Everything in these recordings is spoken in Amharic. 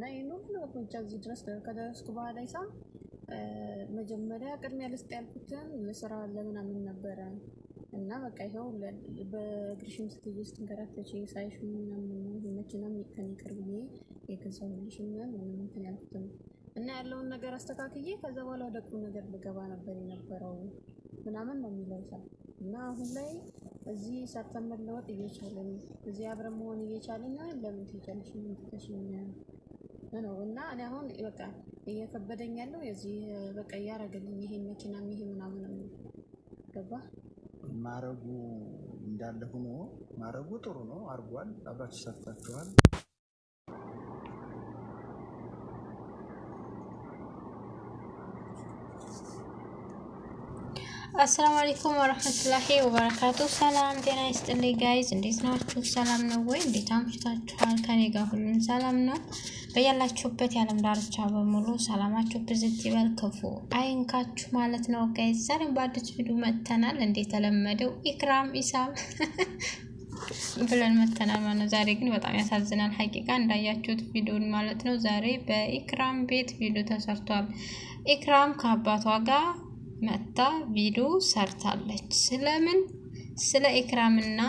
እና ይህን ሁሉ እርምጃ እዚህ ድረስ ከደረስኩ በኋላ ይሳ መጀመሪያ ቅድሚያ ልስጥ ያልኩትን ለስራ ለምናምን ነበረ እና በቃ ይኸው በእግርሽም ስትይ ስትንከራተች ሳይሽ ምናምን መኪናም ከኔ ቅርብ የገዛው ልሽም ምናምን ያልኩትም እና ያለውን ነገር አስተካክዬ ከዛ በኋላ ወደ ቁም ነገር ልገባ ነበር የነበረው ምናምን ነው የሚለው ሰው እና አሁን ላይ እዚህ ሰርተን መለወጥ እየቻለን እዚህ አብረን መሆን እየቻለን ለምን ትጨርሽ ምን ትተሽኛል ነው እና እኔ አሁን በቃ እየከበደኝ ያለው የዚህ በቃ እያረገልኝ ይሄን መኪና ይሄ ምናምን ገባ ማረጉ እንዳለ ሆኖ ማረጉ ጥሩ ነው። አርጓል። አብራችሁ ሰርታችኋል። አሰላሙ አለይኩም ወረህመቱላሂ ወበረካቱ። ሰላም ጤና ይስጥልኝ ጋይዝ፣ እንዴት ናችሁ? ሰላም ነው ወይ? እንዴት አምሽታችኋል? ከኔ ጋር ሁሉም ሰላም ነው። በያላችሁበት የዓለም ዳርቻ በሙሉ ሰላማችሁ ብዝት ይበል፣ ክፉ አይንካችሁ ማለት ነው ጋይዝ። ዛሬም በአዲስ ቪዲዮ መጥተናል። እንደተለመደው ኢክራም ኢሳም ብለን መጥተናል ማለት ነው። ዛሬ ግን በጣም ያሳዝናል ሀቂቃ እንዳያችሁት ቪዲዮን ማለት ነው። ዛሬ በኢክራም ቤት ቪዲዮ ተሰርቷል። ኢክራም ከአባቷ ጋር መጥታ ቪዲዮ ሰርታለች። ስለምን? ስለ ኢክራምና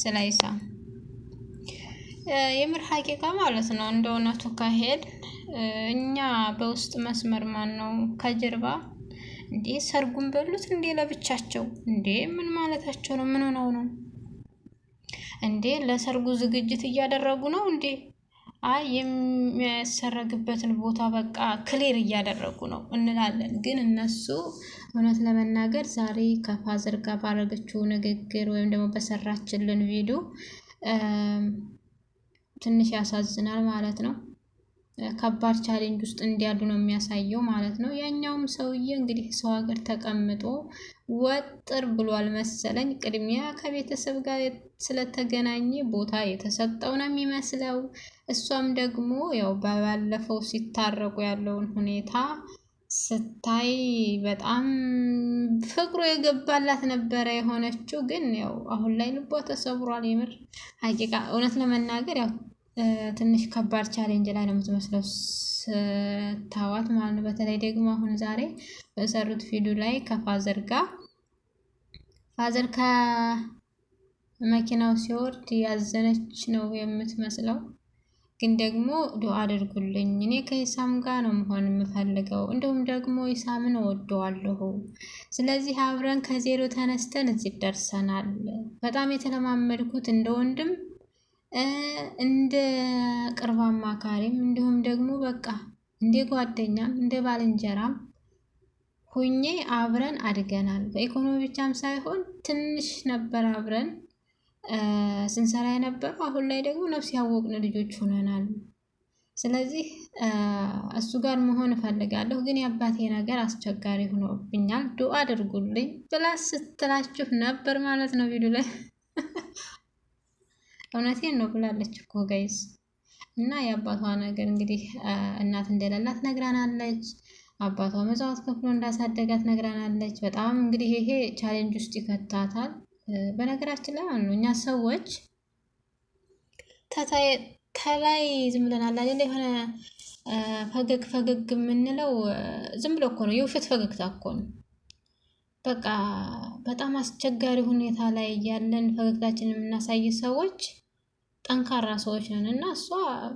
ስለ ኢሳም የምር ሀቂቃ ማለት ነው። እንደ እውነቱ ካሄድ እኛ በውስጥ መስመር ማን ነው ከጀርባ እንዴ ሰርጉን በሉት እንዴ ለብቻቸው እንዴ ምን ማለታቸው ነው? ምን ሆነው ነው እንዴ? ለሰርጉ ዝግጅት እያደረጉ ነው እንዴ? አይ የሚያሰረግበትን ቦታ በቃ ክሌር እያደረጉ ነው እንላለን። ግን እነሱ እውነት ለመናገር ዛሬ ከፋዘር ጋር ባደረገችው ንግግር ወይም ደግሞ በሰራችልን ቪዲዮ ትንሽ ያሳዝናል ማለት ነው። ከባድ ቻሌንጅ ውስጥ እንዲያሉ ነው የሚያሳየው ማለት ነው። ያኛውም ሰውዬ እንግዲህ ሰው ሀገር ተቀምጦ ወጥር ብሏል መሰለኝ። ቅድሚያ ከቤተሰብ ጋር ስለተገናኘ ቦታ የተሰጠው ነው የሚመስለው። እሷም ደግሞ ያው ባለፈው ሲታረቁ ያለውን ሁኔታ ስታይ በጣም ፍቅሩ የገባላት ነበረ የሆነችው። ግን ያው አሁን ላይ ልቧ ተሰብሯል። የምር ሀቂቃ እውነት ለመናገር ያው ትንሽ ከባድ ቻሌንጅ ላይ ነው የምትመስለው ስታዋት ማለት ነው። በተለይ ደግሞ አሁን ዛሬ በሰሩት ፊዱ ላይ ከፋዘር ጋር ፋዘር ከመኪናው ሲወርድ ያዘነች ነው የምትመስለው። ግን ደግሞ ዱአ አድርጉልኝ፣ እኔ ከኢሳም ጋር ነው መሆን የምፈልገው። እንዲሁም ደግሞ ኢሳምን እወደዋለሁ። ስለዚህ አብረን ከዜሮ ተነስተን እዚህ ደርሰናል። በጣም የተለማመድኩት እንደ ወንድም እንደ ቅርብ አማካሪም እንዲሁም ደግሞ በቃ እንደ ጓደኛም እንደ ባልንጀራም ሁኜ አብረን አድገናል። በኢኮኖሚ ብቻም ሳይሆን ትንሽ ነበር አብረን ስንሰራ የነበረው አሁን ላይ ደግሞ ነፍስ ያወቅን ልጆች ሆነናል። ስለዚህ እሱ ጋር መሆን እፈልጋለሁ፣ ግን የአባቴ ነገር አስቸጋሪ ሆኖብኛል ዱአ አድርጉልኝ ብላ ስትላችሁ ነበር ማለት ነው ቪዲዮ ላይ እውነቴን ነው ብላለች እኮ ጋይስ። እና የአባቷ ነገር እንግዲህ እናት እንደሌላት ነግራናለች። አባቷ መጽዋት ከፍሎ እንዳሳደጋት ነግራናለች። በጣም እንግዲህ ይሄ ቻሌንጅ ውስጥ ይከታታል። በነገራችን ላይ ነው እኛ ሰዎች ከላይ ዝም ብለናል አይደል? የሆነ ፈገግ ፈገግ የምንለው ዝም ብሎ እኮ ነው፣ የውሸት ፈገግታ እኮ ነው። በቃ በጣም አስቸጋሪ ሁኔታ ላይ ያለን ፈገግታችን የምናሳይ ሰዎች ጠንካራ ሰዎች ነን እና እሷ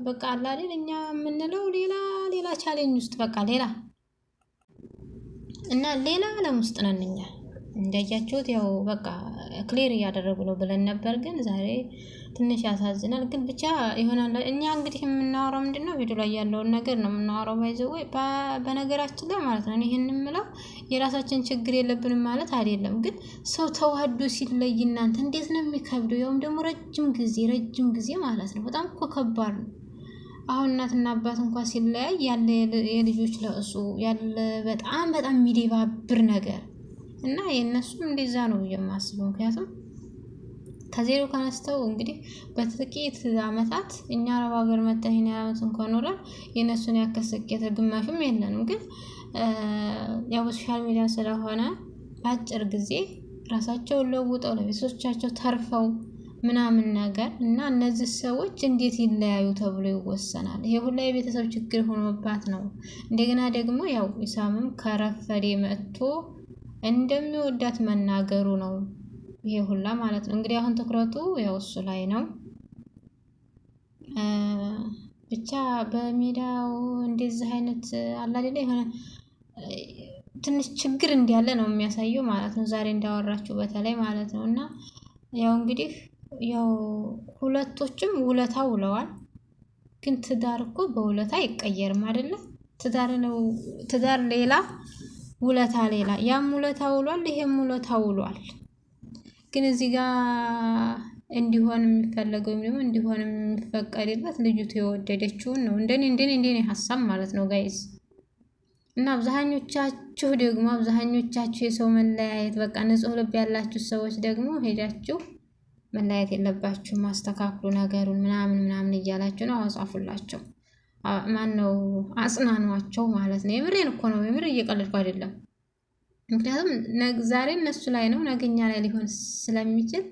በቃ አላሌል እኛ የምንለው ሌላ ሌላ ቻሌንጅ ውስጥ በቃ ሌላ እና ሌላ ዓለም ውስጥ ነን እኛ። እንዳያችሁት ያው በቃ ክሊር እያደረጉ ነው ብለን ነበር፣ ግን ዛሬ ትንሽ ያሳዝናል። ግን ብቻ ይሆናል። እኛ እንግዲህ የምናወራው ምንድን ነው ቪዲዮ ላይ ያለውን ነገር ነው የምናወራው። ባይዘው ወይ በነገራችን ላይ ማለት ነው ይህን የምለው የራሳችን ችግር የለብንም ማለት አይደለም፣ ግን ሰው ተዋህዶ ሲለይ እናንተ እንዴት ነው የሚከብደው? ያውም ደግሞ ረጅም ጊዜ ረጅም ጊዜ ማለት ነው። በጣም እኮ ከባድ ነው። አሁን እናትና አባት እንኳን ሲለያይ ያለ የልጆች ለእሱ ያለ በጣም በጣም የሚደባብር ነገር እና የእነሱም እንደዛ ነው የማስበው። ምክንያቱም ከዜሮ ከነስተው እንግዲህ በጥቂት አመታት እኛ አረብ ሀገር መጠን ይህን አመት እንኳን ኖረን የእነሱን ያክል ስኬት ግማሽም የለንም። ግን ያው በሶሻል ሚዲያ ስለሆነ በአጭር ጊዜ ራሳቸውን ለውጠው ለቤተሰቦቻቸው ተርፈው ምናምን ነገር እና እነዚህ ሰዎች እንዴት ይለያዩ ተብሎ ይወሰናል። ይሄ ሁላ የቤተሰብ ችግር ሆኖባት ነው። እንደገና ደግሞ ያው ኢሳምም ከረፈዴ መጥቶ እንደሚወዳት መናገሩ ነው። ይሄ ሁላ ማለት ነው እንግዲህ አሁን ትኩረቱ ያው እሱ ላይ ነው። ብቻ በሜዳው እንደዚህ አይነት አላደለ የሆነ ትንሽ ችግር እንዳለ ነው የሚያሳየው ማለት ነው። ዛሬ እንዳወራችሁ በተለይ ማለት ነው እና ያው እንግዲህ ያው ሁለቶችም ውለታ ውለዋል። ግን ትዳር እኮ በውለታ አይቀየርም አይደለም ትዳር ነው ትዳር ሌላ ውለታ ሌላ ያም ውለታ ውሏል፣ ይሄም ውለታ ውሏል። ግን እዚህ ጋር እንዲሆን የሚፈለገው ወይም ደግሞ እንዲሆን የሚፈቀድላት ልጅቱ የወደደችውን ነው። እንደኔ እንደኔ እንደኔ ሀሳብ ማለት ነው ጋይዝ እና አብዛኞቻችሁ ደግሞ አብዛኞቻችሁ የሰው መለያየት በቃ ንጹህ ልብ ያላችሁ ሰዎች ደግሞ ሄዳችሁ መለያየት የለባችሁ ማስተካክሉ ነገሩን ምናምን ምናምን እያላችሁ ነው አጻፉላቸው። ማን ነው አጽናኗቸው ማለት ነው። የምሬን እኮ ነው፣ የምር እየቀለድኩ አይደለም። ምክንያቱም ዛሬ እነሱ ላይ ነው ነገኛ ላይ ሊሆን ስለሚችል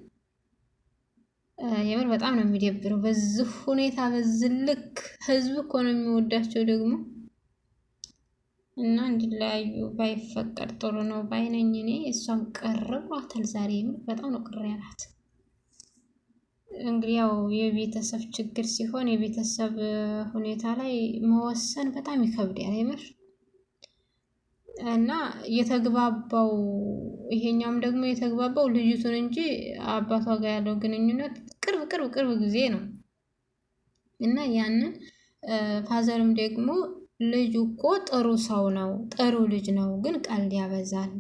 የምር በጣም ነው የሚደብረው። በዚህ ሁኔታ በዚህ ልክ ህዝብ እኮ ነው የሚወዳቸው ደግሞ እና እንዲለያዩ ባይፈቀድ ጥሩ ነው ባይነኝ እኔ። እሷም ቅር ብሏታል ዛሬ፣ የምር በጣም ነው ቅር ያላት። እንግዲህ ያው የቤተሰብ ችግር ሲሆን የቤተሰብ ሁኔታ ላይ መወሰን በጣም ይከብዳል። የምር እና የተግባባው ይሄኛውም ደግሞ የተግባባው ልጅቱን እንጂ አባቷ ጋር ያለው ግንኙነት ቅርብ ቅርብ ቅርብ ጊዜ ነው። እና ያንን ፋዘርም ደግሞ ልጁ እኮ ጥሩ ሰው ነው ጥሩ ልጅ ነው፣ ግን ቀልድ ያበዛል።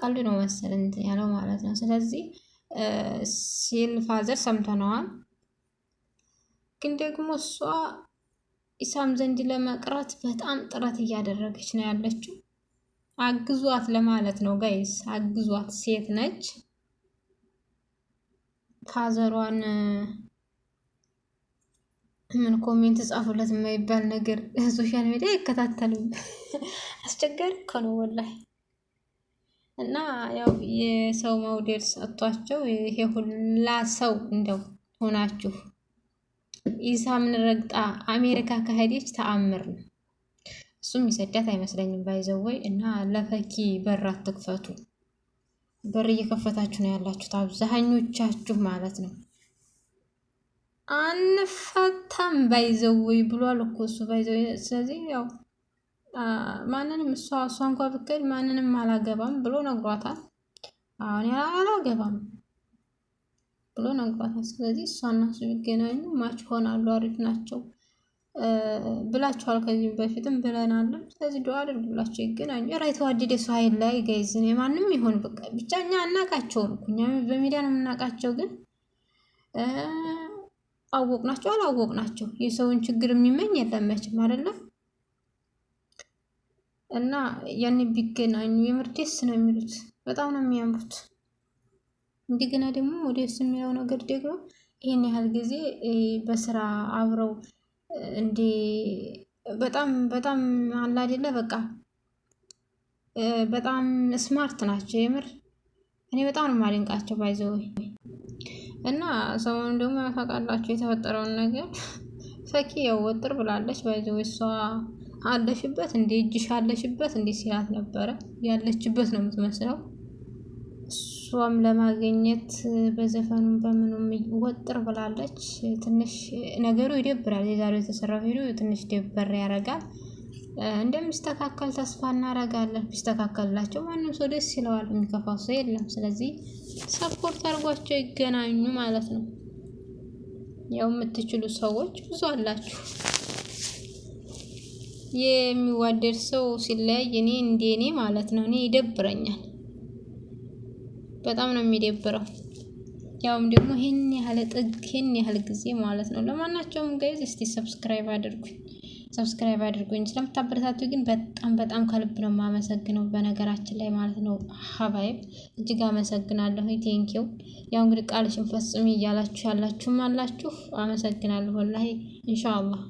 ቀልድ ነው መሰል ያለው ማለት ነው። ስለዚህ ሲል ፋዘር ሰምተነዋል። ግን ደግሞ እሷ ኢሳም ዘንድ ለመቅረት በጣም ጥረት እያደረገች ነው ያለችው። አግዟት ለማለት ነው ጋይስ፣ አግዟት። ሴት ነች። ፋዘሯን ምን ኮሜንት ጻፉለት የማይባል ነገር ሶሻል ሚዲያ ይከታተሉ። አስቸጋሪ እኮ ነው ወላሂ። እና ያው የሰው መውደድ ሰጥቷቸው ይሄ ሁላ ሰው እንደው ሆናችሁ ምን ረግጣ አሜሪካ ከሄደች ተአምር ነው። እሱም ይሰዳት አይመስለኝም ባይዘወይ እና ለፈኪ በር አትክፈቱ። በር እየከፈታችሁ ነው ያላችሁት አብዛኞቻችሁ ማለት ነው። አንፈታም ባይዘወይ ብሏል እኮ እሱ ባይዘወይ። ስለዚህ ያው ማንንም እሷ እሷ እንኳ ብትሄድ ማንንም አላገባም ብሎ ነግሯታል። አሁን አላገባም ብሎ ነግሯታል። ስለዚህ እሷና እሱ ቢገናኙ ማች ሆናሉ፣ አሪፍ ናቸው ብላችኋል። ከዚህም በፊትም ብለናለን። ስለዚህ ዱዓ አድርጉላቸው ይገናኙ። ራ የተዋደደ ሰው ሀይል ላይ ጋይዝን የማንም ይሆን በቃ ብቻ እኛ አናቃቸው አናቃቸውም፣ እኛ በሚዲያ ነው የምናቃቸው ግን አወቅ ናቸው አላወቅ ናቸው የሰውን ችግር የሚመኝ የለም መቼም አይደለም። እና ያን ቢገናኙ የምር ደስ ነው የሚሉት። በጣም ነው የሚያምሩት። እንደገና ደግሞ ደስ የሚለው ነገር ደግሞ ይህን ያህል ጊዜ በስራ አብረው እንደ በጣም በጣም አላደለ በቃ በጣም ስማርት ናቸው የምር እኔ በጣም ነው የማደንቃቸው። ባይዘው እና ሰሞኑን ደግሞ ያፈቃላቸው የተፈጠረውን ነገር ፈኪ ያወጥር ብላለች። ባይዘው እሷ አለሽበት እንዴ እጅሽ አለሽበት እንዴ ሲላት ነበረ። ያለችበት ነው የምትመስለው። እሷም ለማግኘት በዘፈኑም በምኑም ወጥር ብላለች። ትንሽ ነገሩ ይደብራል። የዛሬው የተሰራው ቪዲዮ ትንሽ ደበር ያደርጋል። እንደሚስተካከል ተስፋ እናደርጋለን። ቢስተካከልላቸው ማንም ሰው ደስ ይለዋል፣ የሚከፋ ሰው የለም። ስለዚህ ሰፖርት አድርጓቸው ይገናኙ ማለት ነው። ያው የምትችሉ ሰዎች ብዙ አላችሁ። የሚዋደድ ሰው ሲለያይ እኔ እንደ እኔ ማለት ነው እኔ ይደብረኛል። በጣም ነው የሚደብረው። ያውም ደግሞ ይህን ያህል ጥግ ይህን ያህል ጊዜ ማለት ነው። ለማናቸውም ጋይዝ እስቲ ሰብስክራይብ አድርጉኝ ሰብስክራይብ አድርጉኝ። ስለምታበረታቱ ግን በጣም በጣም ከልብ ነው የማመሰግነው። በነገራችን ላይ ማለት ነው ሀባይብ እጅግ አመሰግናለሁ። ቴንኪው። ያው እንግዲህ ቃልሽን ፈጽሚ እያላችሁ ያላችሁም አላችሁ። አመሰግናለሁ ወላሂ ኢንሻአላህ